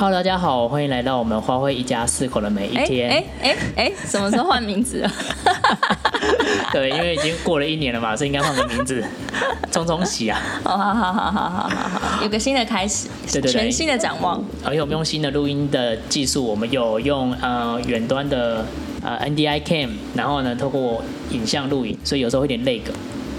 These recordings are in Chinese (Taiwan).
Hello，大家好，歡迎來到我們花卉一家四口的每一天。哎哎哎，什、欸欸欸、麼時候換名字啊？ 對，因為已經過了一年了嘛，所以應該換個名字，沖沖喜啊。好好好好好好，有個新的開始， 全新的展望對對對。而且我們用新的錄音的技術，我們有用呃遠端的呃 NDI Cam，然後呢透過影像錄影，所以有時候會有點累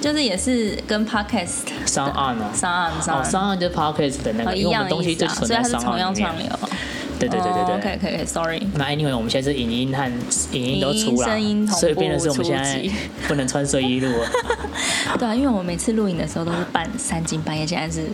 就是也是跟 podcast 上岸了，上岸上哦，上岸就是 podcast 的那個，因為東西就存在上面面。對對對對對，OK，可以可以，sorry。那 anyway，我們現在是影音和影音都出了，聲音同步，所以變的是我們現在不能穿睡衣錄。對啊，因為我每次錄影的時候都是半三更半夜，現在是。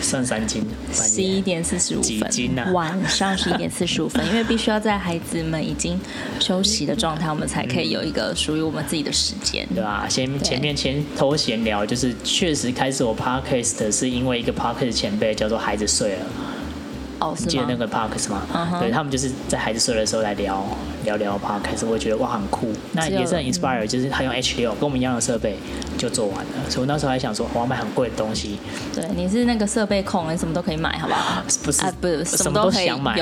算三斤，十一 11. 45、啊、點四十五分，晚上十一點四十五分，因為必須要在孩子們已經休息的狀態， 我們才可以有一個屬於我們自己的時間，對吧、啊？先前面先偷閒聊，對就是確實開始我 Podcast 是因為一個 Podcast 前輩叫做孩子睡了。哦、記得那個 Parks 是嗎？Uh huh. 對，他們就是在孩子睡的時候來聊聊聊 Parks，我覺得哇，很酷、cool，就那也是很 inspire，就是他用 H6，跟我們一樣的設備就做完了。所以我那時候還想說我要買很貴的東西。對，你是那個設備控，你什麼都可以買，好不好？啊、不是，啊、不，什麼都可以用，什麼都想買，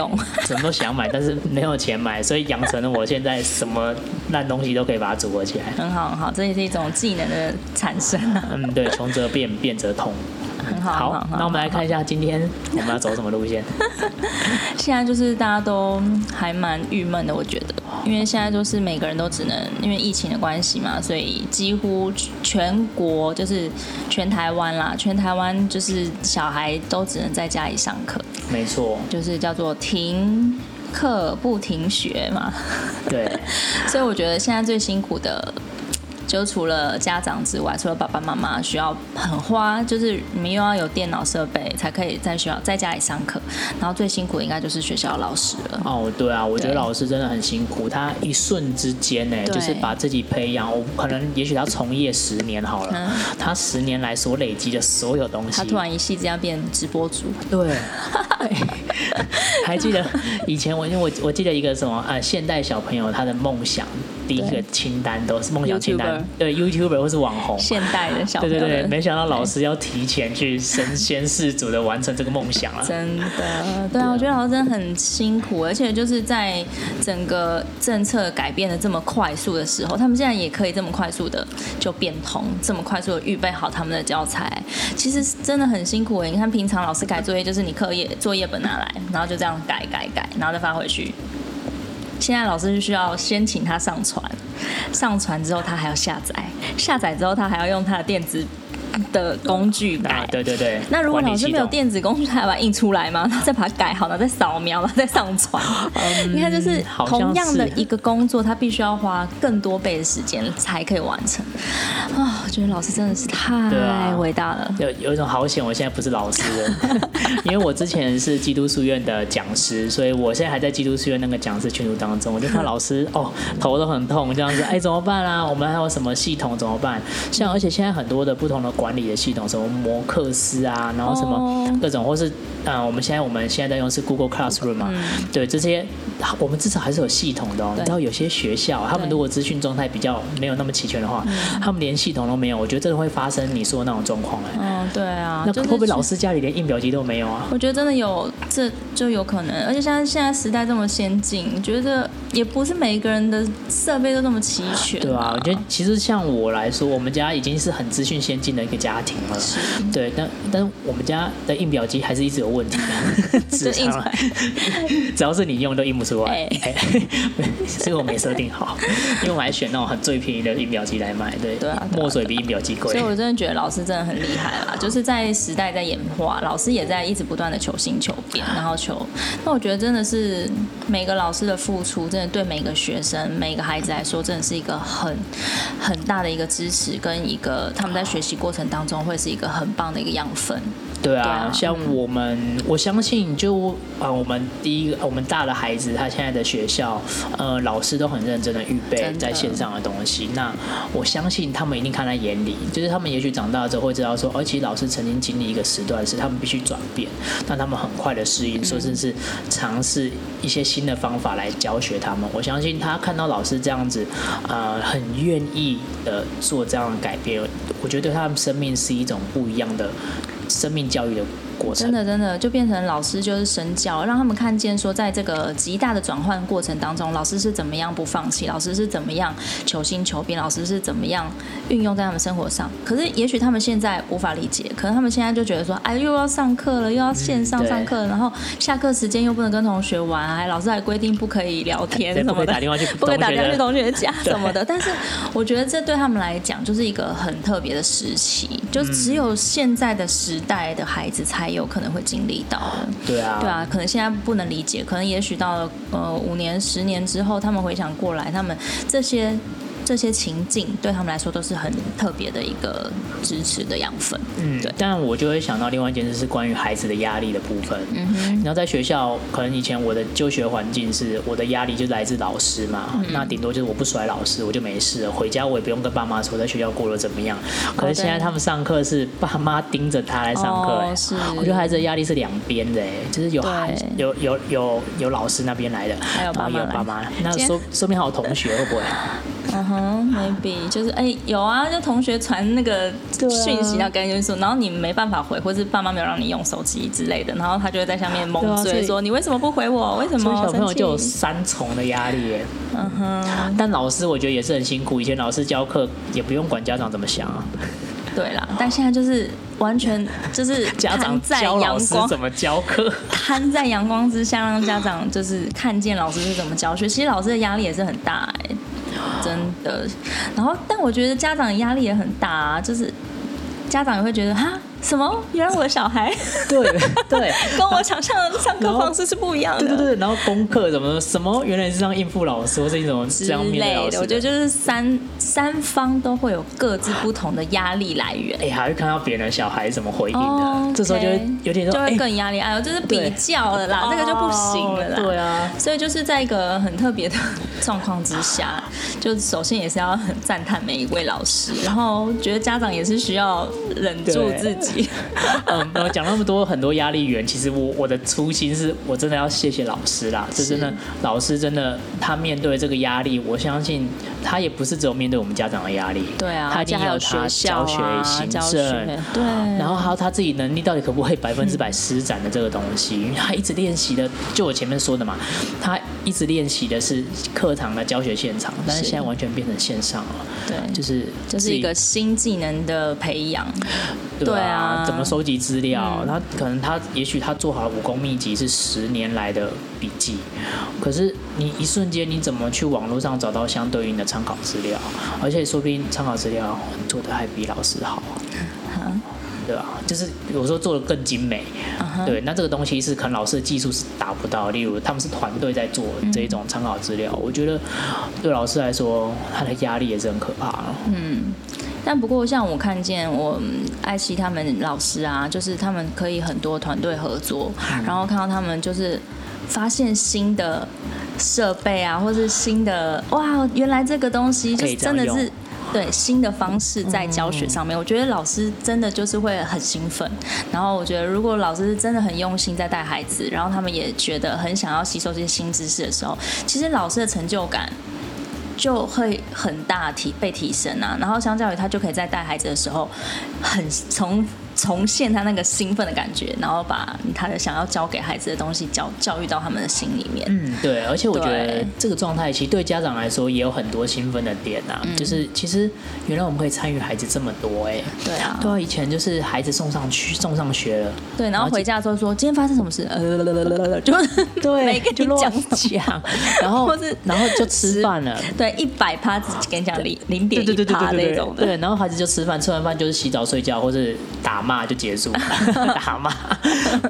什麼都想買，但是沒有錢買，所以養成了我現在什麼爛東西都可以把它組合起來。很、嗯、好，很好，這也是一種技能的產生、啊。嗯，對，窮則變，變則通。好，好，很好，那我們來看一下今天我們要走什麼路線。 現在就是大家都還蠻鬱悶的，我覺得，因為現在就是每個人都只能因為疫情的關係嘛，所以幾乎全國就是全台灣啦，全台灣就是小孩都只能在家裡上課。沒錯，就是叫做停課不停學嘛。對， 所以我覺得現在最辛苦的。就除了家長之外，除了爸爸媽媽需要很花，就是你們又要有電腦設備才可以在學校在家裡上課。然後最辛苦的應該就是學校老師了。哦，對啊，我覺得老師真的很辛苦，對他一瞬之間呢，對就是把自己培養，我可能也許他從業十年好了，嗯、他十年來所累積的所有東西，他突然一夕之間變直播主，對。 還記得以前我，因為我我記得一個什麼呃，現代小朋友他的夢想第一個清單都是夢想清單，對, YouTuber, 對，YouTuber 或是網紅。現代的小朋友，對對對，沒想到老師要提前去身先士卒的完成這個夢想啊。對對真的，對啊，我覺得老師真的很辛苦，而且就是在整個政策改變的這麼快速的時候，他們竟然也可以這麼快速的就變通，這麼快速的預備好他們的教材，其實真的很辛苦哎、欸。你看平常老師改作業就是你課業作業本拿來。然後就這樣改改改，然後再發回去。現在老師是需要先請他上傳，上傳之後他還要下載，下載之後他還要用他的電子的工具吧。對對對。那如果老師沒有電子工具，他要把它印出來嗎？然後再把它改好，然後再掃描，然後再上傳。你看，嗯，因為就是同樣的一個工作，他必須要花更多倍的時間才可以完成。啊，哦，我覺得老師真的是太偉大了。啊，有有一種好險，我現在不是老師， 因為我之前是基督書院的講師，所以我現在還在基督書院那個講師群組當中。我就看老師，嗯，哦，頭都很痛，這樣子。哎，怎麼辦啦，啊？我們還有什麼系統？怎麼辦？像而且現在很多的不同的。管理的系統，什麼摩克斯啊，然後什麼各種，哦、或是、呃、我們現在我們現在在用的是 Google Classroom 嘛，嗯、對這些，我們至少還是有系統的哦。你知道，有些學校對他們如果資訊狀態比較沒有那麼齊全的話，嗯、他們連系統都沒有，我覺得真的會發生你說的那種狀況哎。嗯、哦，對啊，那會不會老師家裡連印表機都沒有啊、就是？我覺得真的有這就有可能，而且像現在時代這麼先進，覺得也不是每一個人的設備都那麼齊全、啊。對啊，我覺得其實像我來說，我們家已經是很資訊先進的。一個家庭了，是對，但但是我們家的印表機還是一直有問題的、啊，是，印 出來，只要是你用都印不出來，哎、欸欸，所以我沒設定好，因為我還選那種很最便宜的印表機來買，對對，啊對，啊對啊，墨水比印表機貴，所以我真的覺得老師真的很厲害啊。就是在時代在演化，老師也在一直不斷的求新求變，然後求，那我覺得真的是每個老師的付出，真的對每個學生、每個孩子來說，真的是一個很很大的一個支持跟一個他們在學習過程。當中會是一個很棒的一個養分。對啊，像我們，嗯、我相信就啊、呃，我們第一個，我們大的孩子，他現在的學校，呃，老師都很認真的預備在線上的東西。的那我相信他們一定看在眼裡，就是他們也許長大之後會知道說，而、哦、且老師曾經經歷一個時段是他們必須轉變，但他們很快的適應，嗯、說甚至是嘗試一些新的方法來教學他們。我相信他看到老師這樣子，呃，很願意的做這樣的改變，我覺得對他們生命是一種不一樣的。生命教育的過程，真的真的就變成老師就是身教，讓他們看見說，在這個極大的轉換過程當中，老師是怎麼樣不放棄，老師是怎麼樣求新求變，老師是怎麼樣運用在他們生活上。可是也許他們現在無法理解，可能他們現在就覺得說，哎，又要上課了，又要線上上課，嗯、然後下課時間又不能跟同學玩，老師還規定不可以聊天什麼的，不可以打電話去同學的，不可以打電話去同學家什麼的。對但是我覺得這對他們來講就是一個很特別的時期。就只有現在的時代的孩子才有可能會經歷到的。對啊，對啊，可能現在不能理解，可能也許到了呃五年、十年之後，他們回想過來，他們這些。這些情境對他們來說都是很特別的一個支持的養分。嗯，對。但我就會想到另外一件事是關於孩子的壓力的部分。嗯嗯哼。然後在學校，可能以前我的就學環境是我的壓力就來自老師嘛。嗯、那頂多就是我不甩老師，我就沒事了。回家我也不用跟爸媽說我在學校過得怎麼樣。啊、可是現在他們上課是爸媽盯着他來上課、哦。是。我覺得孩子的壓力是兩邊的，哎，就是有孩子對有有有有老師那邊來的，還有爸媽。有爸媽。天那說說明還有同學、嗯、會不會？嗯哼、uh huh,，maybe 就是哎、欸、有啊，就同學傳那個訊息要跟你說，啊、然後你沒辦法回，或是爸媽沒有讓你用手機之類的，然後他就會在下面懵嘴說、啊、所以你為什麼不回我？為什麼？小朋友就有三重的壓力耶，嗯哼、uh。Huh、但老師我覺得也是很辛苦，以前老師教課也不用管家長怎麼想啊。對啦。好但現在就是完全就是光家長教老師怎麼教課，攤在陽光之下讓家長就是看見老師是怎麼教學，其實老師的壓力也是很大哎。真的，然後，但我覺得家長壓力也很大啊，就是家長也會覺得哈。什麼？原來我的小孩對 對，對 跟我想象的上課方式是不一樣的。對對對，然後功課怎麼什麼？原來是讓應付老師，或者一種這樣面對的。我覺得就是三三方都會有各自不同的壓力來源。哎，還會看到別人的小孩怎麼回應的，oh, okay, 這時候就會有點就會更壓力。哎呦，就是比較了啦，對這個就不行了啦，哦。對啊，所以就是在一個很特別的狀況之下，就首先也是要很讚嘆每一位老師， 然後覺得家長也是需要忍住自己。 嗯，講那麼多很多壓力源，其實我我的初心是我真的要謝謝老師啦，是就真的老師真的他面對這個壓力，我相信。他也不是只有面對我們家長的壓力，對啊，他已經要他教學、啊、教學行政，對，然後還有他自己能力到底可不可以百分之百施展的這個東西，嗯、因為他一直練習的，就我前面說的嘛，他一直練習的是課堂的教學現場，是，但是現在完全變成線上了，對，就是這是一個新技能的培養，對吧，對啊，怎麼收集資料？嗯、他可能他也許他做好的武功秘籍是十年來的，筆記，可是你一瞬間你怎麼去網絡上找到相對應的參考資料？而且說不定參考資料做得還比老師好、啊，uh huh. 對吧、啊？就是有時候做的更精美。Uh huh. 對，那這個東西是可能老師的技術是達不到的。例如，他們是團隊在做這一種參考資料，嗯、我覺得對老師來說，他的壓力也是很可怕的。嗯，但不過像我看見我愛奇他們老師啊，就是他們可以很多團隊合作，嗯、然後看到他們就是。發現新的設備啊，或是新的哇，原來這個東西就是真的是對新的方式在教學上面，嗯、我覺得老師真的就是會很興奮。然後我覺得，如果老師真的很用心在帶孩子，然後他們也覺得很想要吸收這些新知識的時候，其實老師的成就感就會很大提被提升啊。然後相較於他就可以在帶孩子的時候很，很從。重現他那個興奮的感覺，然後把他的想要教給孩子的東西教教育到他們的心裡面。嗯，對。而且我覺得這個狀態其實對家長來說也有很多興奮的點吶、啊，嗯、就是其實原來我們可以參與孩子這麼多哎、欸。對啊，對啊，以前就是孩子送上去送上學了，對，然後回家之後說今天發生什麼事，呃，就是對，每個就講講，然後 或是然後就吃飯了，對，一百趴只跟你講零零點一趴對對對那種的，對，然後孩子就吃飯，吃完飯就是洗澡睡覺或是打。媽就結束了，打罵。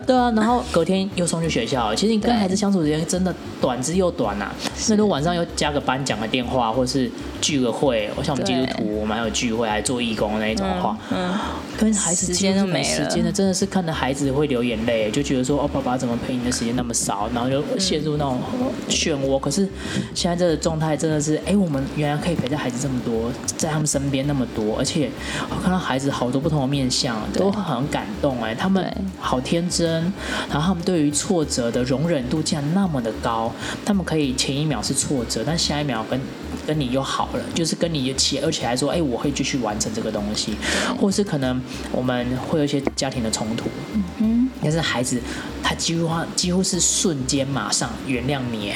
對啊，然後隔天又送去學校。其實你跟孩子相處時間真的短之又短吶、啊。是那如果晚上又加個班，講個電話，或是聚個會。對我想我們基督徒，我們還有聚會，還做義工那一種的話，嗯，嗯跟孩子之間都沒時間的，真的是看着孩子會流眼淚，就覺得說哦，爸爸怎麼陪你的時間那麼少？然後就陷入那種漩渦。嗯、可是現在這個狀態真的是，哎、欸，我們原來可以陪在孩子這麼多，在他們身邊那麼多，而且我看到孩子好多不同的面向。都對很感動哎、欸，他們好天真，對然後他們對於挫折的容忍度竟然那麼的高，他們可以前一秒是挫折，但下一秒跟跟你又好了，就是跟你一起，而且還說哎、欸，我會繼續完成這個東西，對或是可能我們會有一些家庭的衝突，嗯哼，但是孩子，他幾乎幾乎是瞬間馬上原諒你，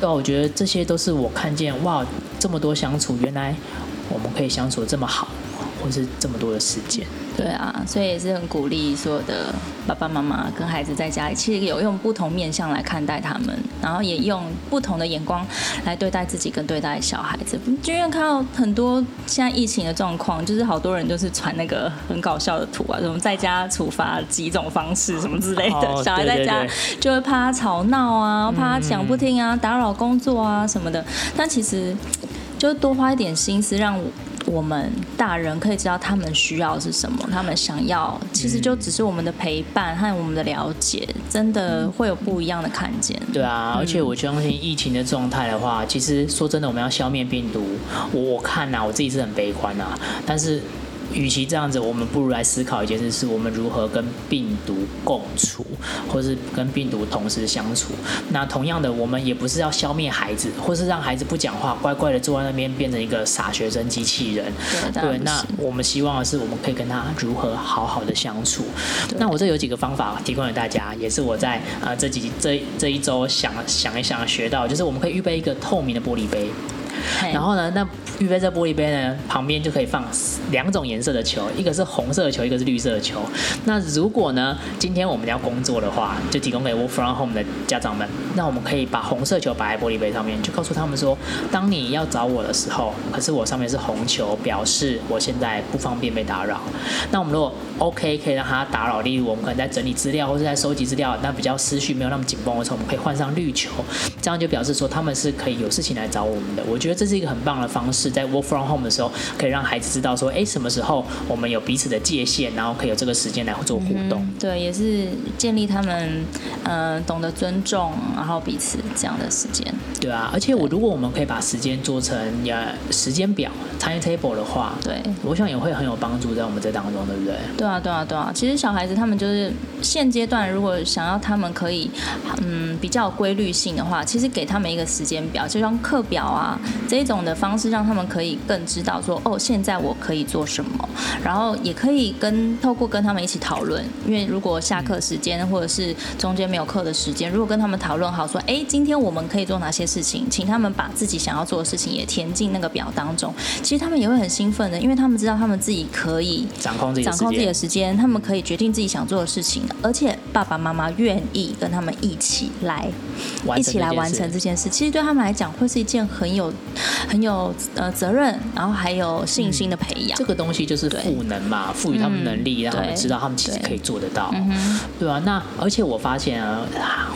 那我覺得這些都是我看見，哇，這麼多相處，原來我們可以相處這麼好，或是這麼多的時間。對啊，所以也是很鼓勵所有的爸爸媽媽跟孩子在家裡，其實有用不同面向來看待他們，然後也用不同的眼光來對待自己跟對待小孩子。因為看到很多現在疫情的狀況，就是好多人就是傳那個很搞笑的圖啊，什麼在家處罰幾種方式什麼之類的，oh, 小孩在家對對對就會怕他吵鬧啊，怕他講不聽啊，嗯嗯打擾工作啊什麼的。但其實就多花一點心思讓我。我們大人可以知道他們需要的是什麼，他們想要，其實就只是我們的陪伴和我們的了解，真的會有不一樣的看見。嗯、對啊，而且我相信疫情的狀態的話，嗯、其實說真的，我們要消滅病毒，我看吶、啊，我自己是很悲觀吶、啊，但是。與其這樣子，我們不如來思考一件事：是我們如何跟病毒共處，或是跟病毒同時相處？那同樣的，我們也不是要消滅孩子，或是讓孩子不講話，乖乖的坐在那邊，變成一個傻學生機器人。哦、對，那我們希望的是，我們可以跟他如何好好的相處。對那我這有幾個方法提供給大家，也是我在啊這幾這這一周想想一想學到，就是我們可以預備一個透明的玻璃杯，嘿然後呢，那。預備在玻璃杯呢，旁邊就可以放兩種顏色的球，一個是紅色的球，一個是綠色的球。那如果呢，今天我們要工作的話，就提供給 work from home 的家長們，那我們可以把紅色球擺在玻璃杯上面，就告訴他們說，當你要找我的時候，可是我上面是紅球，表示我現在不方便被打擾。那我們如果 OK，可以讓他打擾，例如我們可能在整理資料或是在收集資料，但比較思緒沒有那麼緊繃的時候，我們可以換上綠球，這樣就表示說他們是可以有事情來找我們的。我覺得這是一個很棒的方式，在 Work from Home 的時候，可以讓孩子知道說，誒、欸，什麼時候我們有彼此的界限，然後可以有這個時間來做互動。Mm hmm. 對，也是建立他們，嗯、呃，懂得尊重，然後彼此這樣的時間。對啊，而且我如果我們可以把時間做成，呀對，時間表 （time table） 的話，對，我想也會很有幫助在我們這當中，對不對？對啊，對啊，對啊。其實小孩子他們就是現階段，如果想要他們可以，嗯，比較規律性的話，其實給他們一個時間表，就像課表啊這種的方式，讓他們可以更知道說，哦，現在我可以做什麼，然後也可以跟透過跟他們一起討論，因為。如果下課時間、嗯、或者是中間沒有課的時間，如果跟他們討論好說，哎、欸，今天我們可以做哪些事情，請他們把自己想要做的事情也填進那個表當中。其實他們也會很興奮的，因為他們知道他們自己可以掌控自己掌控自己的時間，他們可以決定自己想做的事情，而且爸爸媽媽願意跟他們一起來一起來完成這件事。其實對他們來講，會是一件很有很有呃責任，然後還有信心的培養、嗯。這個東西就是賦能嘛，賦對予他們能力，嗯、讓他們知道他們其實對可以做得到。嗯對啊，那而且我發現啊，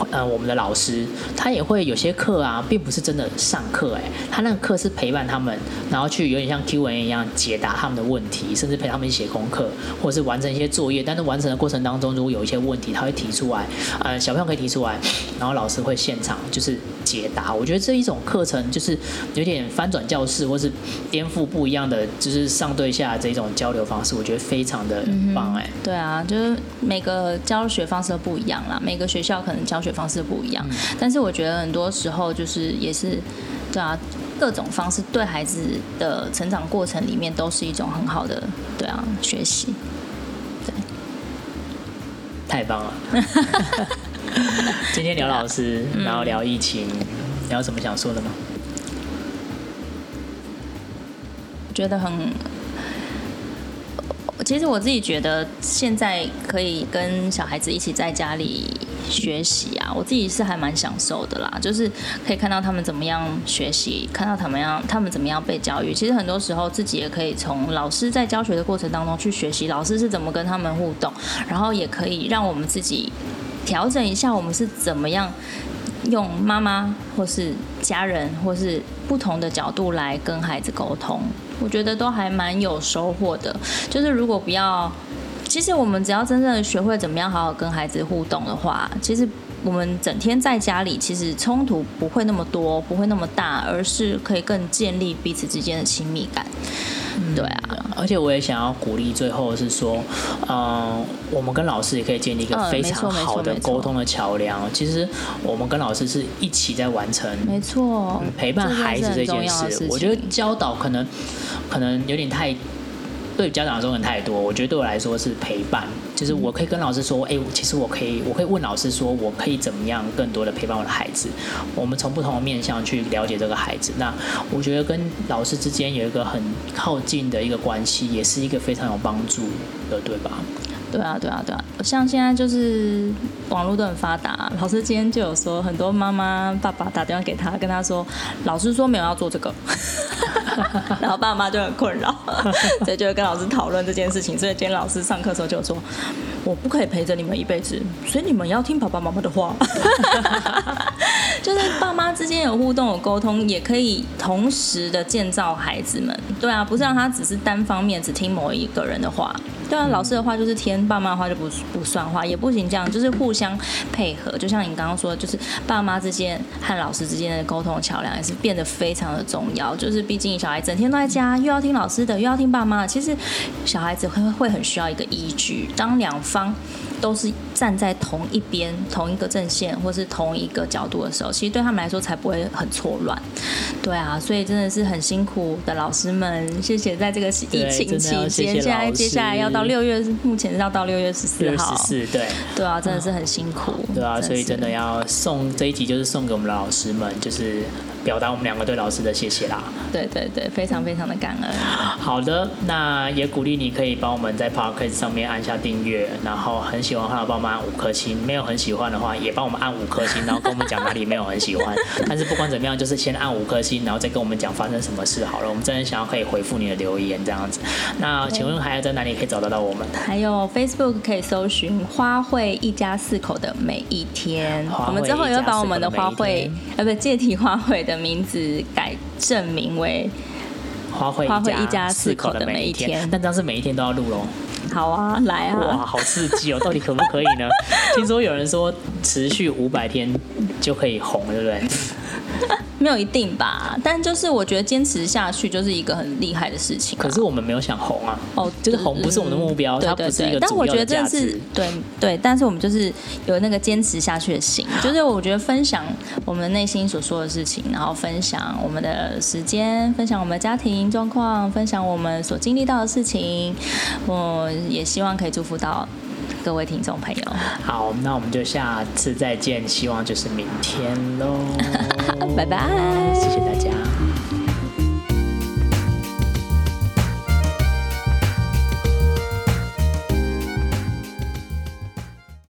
呃，我們的老師他也會有些課啊，並不是真的上課，哎，他那個課是陪伴他們，然後去有點像 Q&A 一樣解答他們的問題，甚至陪他們寫功課，或者是完成一些作業。但是完成的過程當中，如果有一些問題，他會提出來，呃，小朋友可以提出來，然後老師會現場就是解答。我覺得這一種課程就是有點翻轉教室，或是顛覆不一樣的，就是上對下這一種交流方式，我覺得非常的棒、欸，哎、嗯，對啊，就是。每個教學方式都不一樣啦，每個學校可能教學方式不一樣，嗯、但是我覺得很多時候就是也是，對啊，各種方式對孩子的成長過程裡面都是一種很好的，對啊，學習，對，太棒了。 今天聊老師，然後聊疫情，你有、嗯、什麼想說的嗎？我覺得很。其實我自己覺得，現在可以跟小孩子一起在家裡學習啊，我自己是還蠻享受的啦。就是可以看到他們怎麼樣學習，看到他們樣，他們怎麼樣被教育。其實很多時候自己也可以從老師在教學的過程當中去學習，老師是怎麼跟他們互動，然後也可以讓我們自己調整一下我們是怎麼樣。用媽媽或是家人或是不同的角度來跟孩子溝通，我覺得都還蠻有收穫的。就是如果不要，其實我們只要真正的學會怎麼樣好好跟孩子互動的話，其實。我們整天在家裡，其實衝突不會那麼多，不會那麼大，而是可以更建立彼此之間的親密感。對啊、嗯，而且我也想要鼓勵，最後是說，嗯、呃，我們跟老師也可以建立一個非常好的溝通的橋梁。嗯、其實我們跟老師是一起在完成，沒錯、嗯，陪伴孩子這件事。事。我覺得教導可能可能有點太。對家長的忠肯太多，我覺得對我來說是陪伴，就是我可以跟老師說，哎，其實我可以，我可以問老師說，我可以怎麼樣更多的陪伴我的孩子？我們從不同的面向去了解這個孩子。那我覺得跟老師之間有一個很靠近的一個關係，也是一個非常有幫助的，對吧？對啊，對啊，對啊！像現在就是網絡都很發達啊，老師今天就有說，很多媽媽爸爸打電話給他，跟他說，老師說沒有要做這個， 然後爸媽就很困擾，所以就會跟老師討論這件事情。所以今天老師上課的時候就說，我不可以陪着你們一輩子，所以你們要聽爸爸媽媽的話。 就是爸媽之間有互動、有溝通，也可以同時的建造孩子們。對啊，不是讓他只是單方面只聽某一個人的話。對啊，老師的話就是聽，爸媽的話就不不算話，也不行這樣，就是互相配合。就像你剛剛說的，就是爸媽之間和老師之間的溝通橋梁也是變得非常的重要。就是畢竟小孩整天都在家，又要聽老師的，又要聽爸媽的，其實小孩子會會很需要一個依據，當兩方。都是站在同一邊、同一個陣線，或是同一個角度的時候，其實對他們來說才不會很錯亂。對啊，所以真的是很辛苦的老師們，謝謝在這個疫情期間。對，真的謝謝老師。現在接下來要到六月，目前要到六月十四號。六月十四，對。對啊，真的是很辛苦。嗯、對啊，所以真的要送這一集，就是送給我們的老師們，就是。表達我們兩個對老師的謝謝啦。對對對，非常非常的感恩。好的，那也鼓勵你可以幫我們在 Podcast 上面按下訂閱，然後很喜歡的話幫我們按五顆星，沒有很喜歡的話也幫我們按五顆星，然後跟我們講哪裡沒有很喜歡。 但是不管怎麼樣，就是先按五顆星，然後再跟我們講發生什麼事好了。我們真的想要可以回復你的留言這樣子。那請問還有在哪裡可以找得到我們？還有 Facebook 可以搜尋“花卉一家四口的每一天”。花卉一家四口的每一天。我們之後也會把我們的花卉，呃、啊，不是，借題花卉的。的名字改正名為“花卉一家四口”的每一天，花卉一家四口的每一天。但這樣是每一天都要錄嘍？好啊，來啊！哇，好刺激哦！到底可不可以呢？ 聽說有人說持續五百天就可以紅，對不對？沒有一定吧，但就是我覺得堅持下去就是一個很厲害的事情。可是我們沒有想紅啊，哦，就是就紅不是我們的目標，嗯、對對對，它不是一個主要價值。但我覺得這是對對，但是我們就是有那個堅持下去的心，就是我覺得分享我們內心所說的事情，啊、然後分享我們的時間，分享我們家庭狀況，分享我們所經歷到的事情，我也希望可以祝福到。各位聽眾朋友好，那我們就下次再見，希望就是明天嘍，拜拜 bye，謝謝大家。